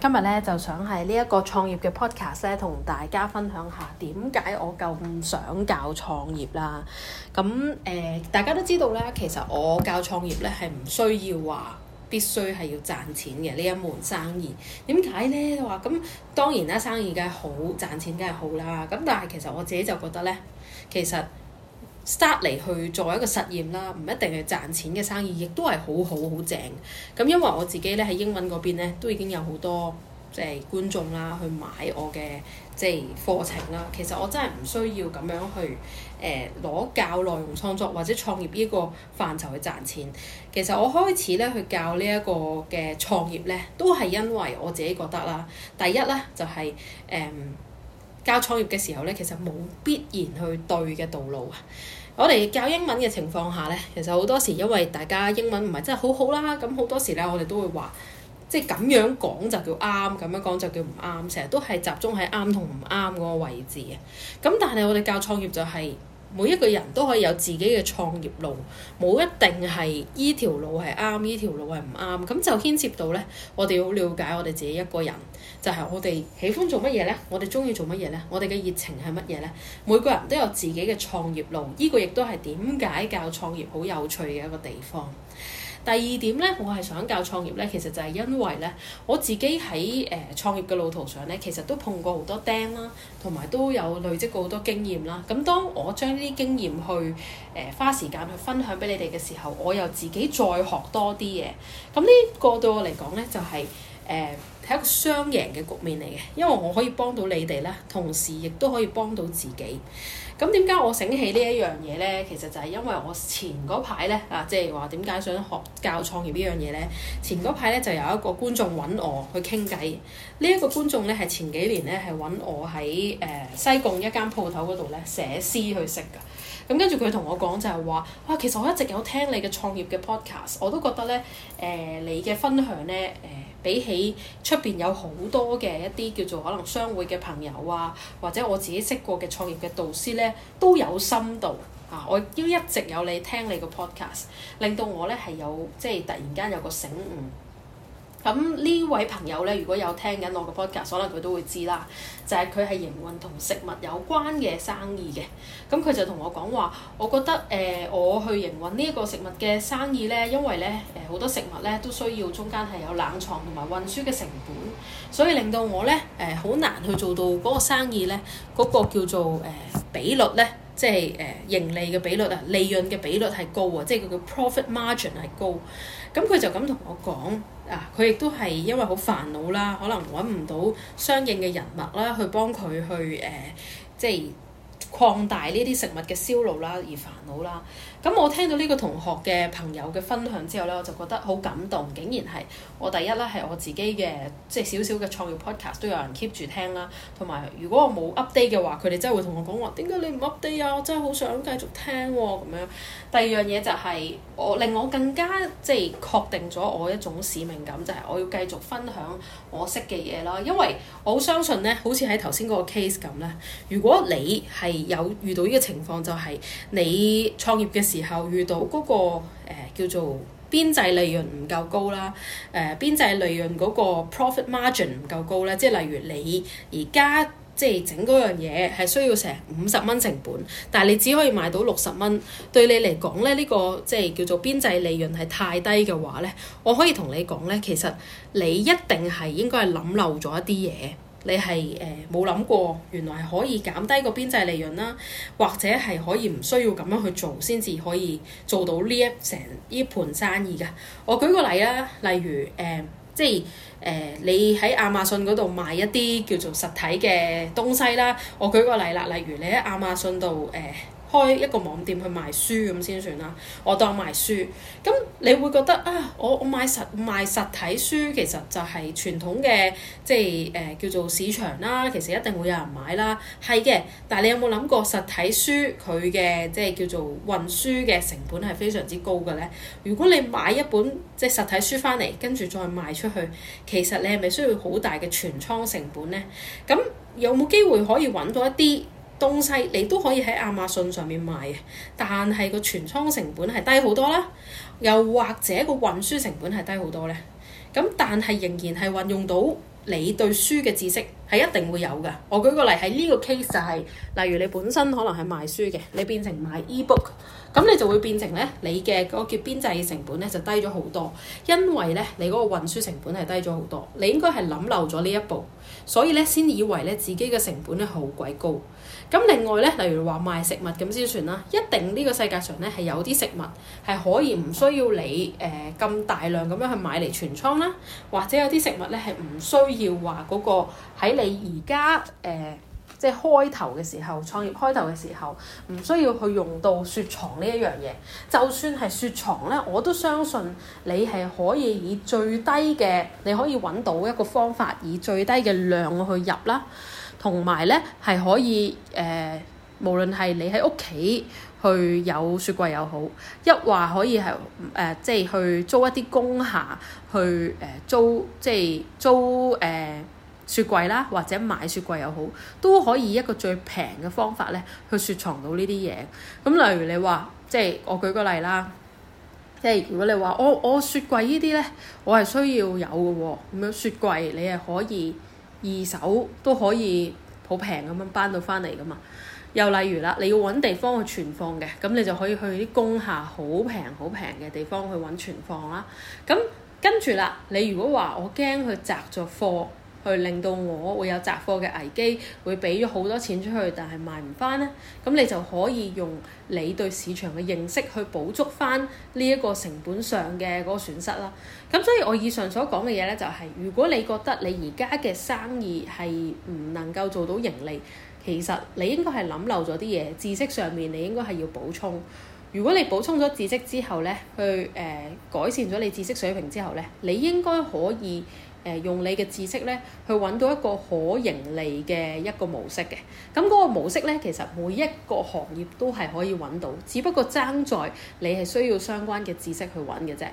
今日咧就想喺呢一個創業嘅 podcast 咧，同大家分享下點解我咁想教創業啦。咁誒、呃，大家都知道啦，其實我教創業咧係唔需要話必須係要賺錢嘅呢一門生意。點解咧？話咁當然啦，生意梗係好，賺錢梗係好啦。咁但係其實我自己就覺得咧，其實，start 嚟去做一個實驗啦，唔一定係賺錢嘅生意，亦都係好好好正。咁因為我自己咧喺英文嗰邊咧，都已經有好多即係、就是、觀眾啦，去買我嘅即係課程啦。其實我真係唔需要咁樣去誒攞、呃、教內容創作或者創業呢個範疇去賺錢。其實我開始咧去教呢一個嘅創業咧，都係因為我自己覺得啦。第一咧就係、是、誒、嗯、教創業嘅時候咧，其實冇必然去對嘅道路啊。我哋教英文嘅情況下呢，其實好多時因為大家英文唔係真係好好啦，咁好多時呢，我哋都會話，即係咁樣講就叫啱，咁樣講就叫唔啱，成日都係集中喺啱同唔啱嗰個位置嘅。咁但係我哋教創業就係、是。每一個人都可以有自己嘅創業路，冇一定係依條路係啱，依條路係唔啱，咁就牽涉到呢，我哋好了解我哋自己一個人，就係我哋喜歡做乜嘢呢？我哋中意做乜嘢呢？我哋嘅熱情係乜嘢呢？每個人都有自己嘅創業路，呢個亦都係點解教創業好有趣嘅一個地方。第二點咧，我係想教創業咧，其實就係因為咧，我自己喺誒、呃、創業嘅路途上咧，其實都碰過好多釘啦，同埋都有累積過好多經驗啦。咁當我將呢啲經驗去誒、呃、花時間去分享俾你哋嘅時候，我又自己再學多啲嘢。咁呢個對我嚟講咧，就係、是、誒。呃係一個雙贏嘅局面嚟嘅，因為我可以幫到你哋啦，同時亦都可以幫到自己。咁點解我醒起呢一樣嘢咧？其實就係因為我前嗰排咧啊，即係話點解想學教創業呢樣嘢咧？前嗰排咧就有一個觀眾揾我去傾偈。呢、這、一個觀眾咧係前幾年咧係揾我喺誒、呃、西貢一間鋪頭嗰度咧寫詩去食㗎。咁跟住佢同我講就係話：哇，其實我一直有聽你嘅創業嘅 podcast，我都覺得咧誒、呃、你嘅分享咧誒、呃、比起出入邊有好多嘅一啲叫做可能商會嘅朋友啊，或者我自己識過嘅創業嘅導師咧，都有深度啊！我要一直有你聽，你嘅 podcast，令到我咧係有即係突然間有個醒悟。咁呢位朋友咧，如果有聽緊我個 podcast，可能佢都會知啦。就係佢係營運同食物有關嘅生意嘅。咁佢就同我講話，我覺得誒、呃，我去營運呢一個食物嘅生意咧，因為咧誒好多食物咧都需要中間係有冷藏同埋運輸嘅成本，所以令到我咧誒好難去做到嗰個生意咧嗰、嗰個叫做誒、呃、比率咧。即係誒、uh, 盈利嘅比率啊，利潤嘅比率係高，高啊，即係佢嘅 profit margin 係高。咁佢就咁同我講啊，佢亦都係因為好煩惱啦，可能搵唔到相應嘅人脈啦，去幫佢去誒，uh, 即係。擴大呢啲食物嘅銷路啦，而煩惱啦。咁我聽到呢個同學嘅朋友嘅分享之後呢，我就覺得好感動。竟然係我第一啦，係我自己嘅，即係少少嘅創業 podcast 都有人 keep 住聽啦。同埋如果我冇 update 嘅話，佢哋真係會同我講話，點解你唔 update 啊？我真係好想繼續聽喎咁樣。第二樣嘢就係、是、我令我更加即係確定咗我一種使命感，就係、是、我要繼續分享我識嘅嘢啦。因為我好相信呢，好似喺頭先嗰個 case 咁呢，如果你係有遇到呢個情況就係你創業嘅時候遇到嗰個、呃、叫做邊際利潤唔夠高啦，誒邊際利潤嗰個 profit margin 唔夠高啦。即係例如你而家即係整嗰樣嘢係需要成五十蚊成本，但係你只可以賣到六十蚊，對你嚟講咧呢、呢個即係叫做邊際利潤係太低嘅話咧，我可以同你講咧，其實你一定係應該係諗漏咗一啲嘢。你係誒冇諗過，原來係可以減低個邊際利潤啦，或者係可以唔需要咁樣去做，先至可以做到呢一成呢盤生意噶。我舉個例啦，例如誒、呃，即係誒、呃，你喺亞馬遜嗰度賣一啲叫做實體嘅東西啦。我舉個例啦，例如你喺亞馬遜度誒、呃開一個網店去賣書咁先算啦，我當賣書。咁你會覺得啊，我我買實賣實體書其實就係傳統嘅，即係誒、呃、叫做市場啦。其實一定會有人買啦。係嘅，但係你有冇諗過實體書佢嘅即係叫做運輸嘅成本係非常之高嘅呢？如果你買一本即係實體書翻嚟，跟住再賣出去，其實你係咪需要好大嘅存倉成本呢？咁有冇機會可以揾到一啲東西你都可以喺亞馬遜上面賣，但係個存倉成本係低好多啦，又或者個運輸成本係低好多呢。咁但係仍然係運用到你對書嘅知識係一定會有㗎。我舉個例喺呢個 case 就係、是，例如你本身可能係賣書嘅，你變成賣 ebook。咁你就會變成咧，你嘅嗰、嗰個叫邊際成本咧就低咗好多，因為咧你嗰個運輸成本係低咗好多，你應該係諗漏咗呢一步，所以咧先以為咧自己嘅成本咧好鬼高。咁另外咧，例如話賣食物咁先算啦，一定呢個世界上咧係有啲食物係可以唔需要你誒咁、呃、大量咁樣去買嚟存倉啦，或者有啲食物咧係唔需要話嗰個喺你而家誒。呃即係開頭嘅時候，創業開頭嘅時候，唔需要去用到雪藏呢一樣嘢。就算係雪藏呢，我都相信你係可以以最低嘅，你可以揾到一個方法，以最低嘅量去入啦。同埋呢，係可以誒、呃，無論係你喺屋企去有雪櫃又好，一話可以係誒、呃，即係去租一啲工廈去誒、呃、租，即係租誒。呃雪櫃啦，或者買雪櫃又好，都可以一個最平嘅方法咧，去雪藏到呢啲嘢。咁例如你話，即係我舉個例啦，即係如果你話我我雪櫃呢啲咧，我係需要有嘅喎、哦。咁樣雪櫃你係可以二手都可以好平咁樣搬到翻嚟噶嘛。又例如啦，你要揾地方去存放嘅，咁你就可以去啲工廈好平好平嘅地方去揾存放啦。咁跟住啦，你如果話我驚佢摘咗貨。去令到我會有雜貨嘅危機，會俾咗好多錢出去，但係賣唔翻呢，咁你就可以用你對市場嘅認識去補足翻呢一個成本上嘅嗰個損失啦。咁所以我以上所講嘅嘢呢，就係如果你覺得你而家嘅生意係唔能夠做到盈利，其實你應該係諗漏咗啲嘢，知識上面你應該係要補充。如果你補充咗知識之後呢，去誒、呃、改善咗你知識水平之後呢，你應該可以。誒，用你嘅知識咧，去揾到一個可盈利嘅一個模式嘅，咁嗰個模式咧，其實每一個行業都係可以揾到，只不過爭在你係需要相關嘅知識去揾嘅啫。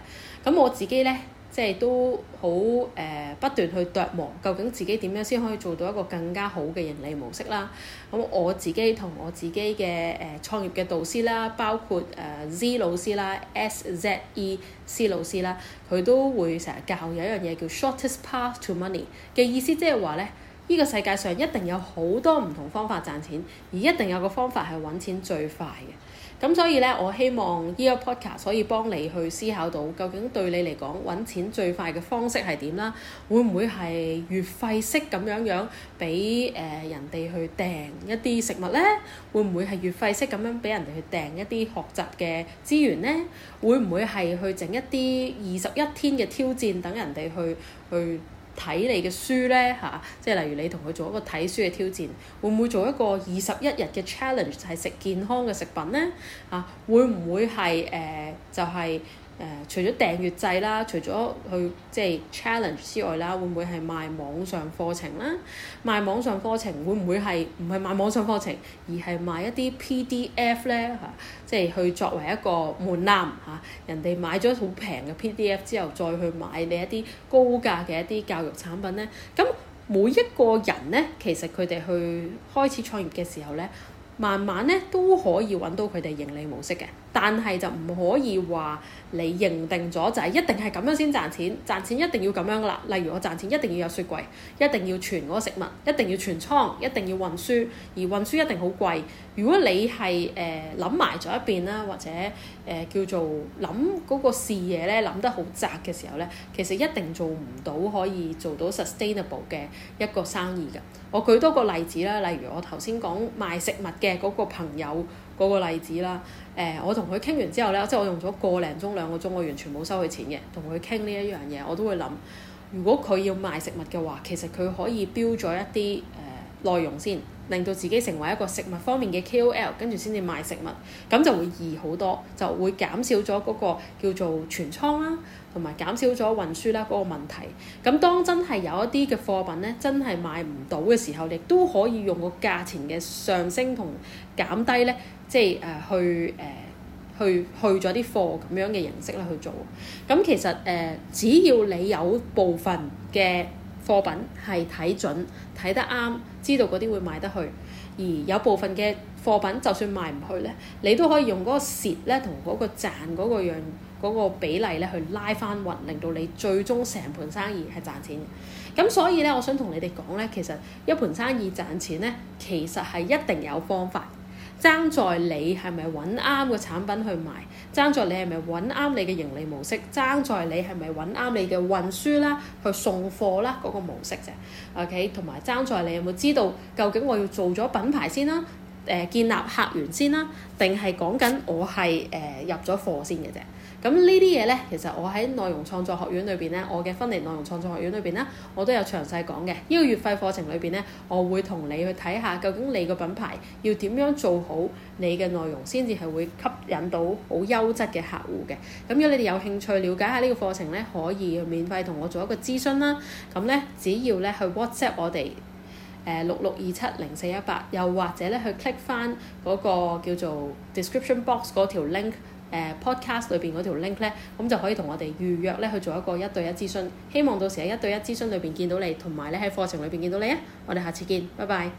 咁我自己咧。即係都好誒、呃，不斷去琢磨究竟自己點樣先可以做到一個更加好嘅盈利模式啦。咁、嗯、我自己同我自己嘅誒、呃、創業嘅導師啦，包括誒、呃、Z 老師啦、S、Z、E、C 老師啦，佢都會成日教有一樣嘢叫 shortest path to money 嘅意思，即係話咧。呢個世界上一定有好多唔同方法賺錢，而一定有一個方法係揾錢最快嘅。咁所以呢，我希望呢個 podcast 可以幫你去思考到，究竟對你嚟講揾錢最快嘅方式係點啦。會唔會係月費式咁樣樣俾人哋去訂一啲食物呢？會唔會係月費式咁樣俾人哋去訂一啲學習嘅資源呢？會唔會係去整一啲二十一天嘅挑戰等人哋去去？去睇你嘅書咧嚇、啊，即係例如你同佢做一個睇書嘅挑戰，會唔會做一個二十一日嘅 challenge 就係食健康嘅食品咧？嚇、啊，會唔會係誒、呃、就係、是？誒、呃，除咗訂閱制啦，除咗去即係 challenge 之外啦，會唔會係賣網上課程啦？賣網上課程會唔會係唔係賣網上課程，而係賣一啲 PDF 咧嚇、啊？即係去作為一個門檻嚇、啊，人哋買咗好平嘅 PDF 之後，再去買你一啲高價嘅一啲教育產品咧。咁每一個人咧，其實佢哋去開始創業嘅時候咧，慢慢咧都可以揾到佢哋盈利模式嘅。但係就唔可以話你認定咗就係、是、一定係咁樣先賺錢，賺錢一定要咁樣㗎啦。例如我賺錢一定要有雪櫃，一定要存嗰個食物，一定要存倉，一定要運輸，而運輸一定好貴。如果你係誒諗埋咗一邊啦，或者誒、呃、叫做諗嗰個視野咧諗得好窄嘅時候咧，其實一定做唔到可以做到 sustainable 嘅一個生意㗎。我舉多個例子啦，例如我頭先講賣食物嘅嗰個朋友。嗰個例子啦，誒、呃，我同佢傾完之後咧，即係我用咗個零鐘兩個鐘，我完全冇收佢錢嘅，同佢傾呢一樣嘢，我都會諗，如果佢要賣食物嘅話，其實佢可以標咗一啲，呃內容先，令到自己成為一個食物方面嘅 KOL，跟住先至賣食物，咁就會易好多，就會減少咗嗰個叫做存倉啦，同埋減少咗運輸啦嗰、那個問題。咁當真係有一啲嘅貨品呢，真係賣唔到嘅時候，亦都可以用個價錢嘅上升同減低呢，即係誒、呃、去誒、呃、去去咗啲貨咁樣嘅形式咧去做。咁其實誒、呃，只要你有部分嘅貨品係睇準，睇得啱，知道嗰啲會賣得去。而有部分嘅貨品就算賣唔去呢，你都可以用嗰個蝕呢同嗰個賺嗰個樣、嗰個比例呢去拉翻勻，令到你最終成盤生意係賺錢嘅。咁所以呢，我想同你哋講呢，其實一盤生意賺錢呢，其實係一定有方法。爭在你係咪揾啱個產品去賣，爭在你係咪揾啱你嘅盈利模式，爭在你係咪揾啱你嘅運輸啦、去送貨啦嗰個模式啫。OK，同埋爭在你有冇知道究竟我要做咗品牌先啦？誒、呃、建立客源先啦，定係講緊我係誒、呃、入咗貨先嘅啫。咁呢啲嘢咧，其實我喺內容創作學院裏邊咧，我嘅芬尼內容創作學院裏邊咧，我都有詳細講嘅。呢、這個月費課程裏邊咧，我會同你去睇下，究竟你個品牌要點樣做好你嘅內容，先至係會吸引到好優質嘅客戶嘅。咁如果你哋有興趣了解下呢個課程咧，可以免費同我做一個諮詢啦。咁咧，只要咧去 WhatsApp 我哋。誒六六二七零四一八，呃、18，又或者咧去 click 翻嗰、那個叫做 description box 嗰條 link，誒、呃、podcast 裏邊嗰條 link 咧，咁就可以同我哋預約咧去做一個一對一諮詢，希望到時喺一對一諮詢裏邊見到你，同埋咧喺課程裏邊見到你啊！我哋下次見，拜拜。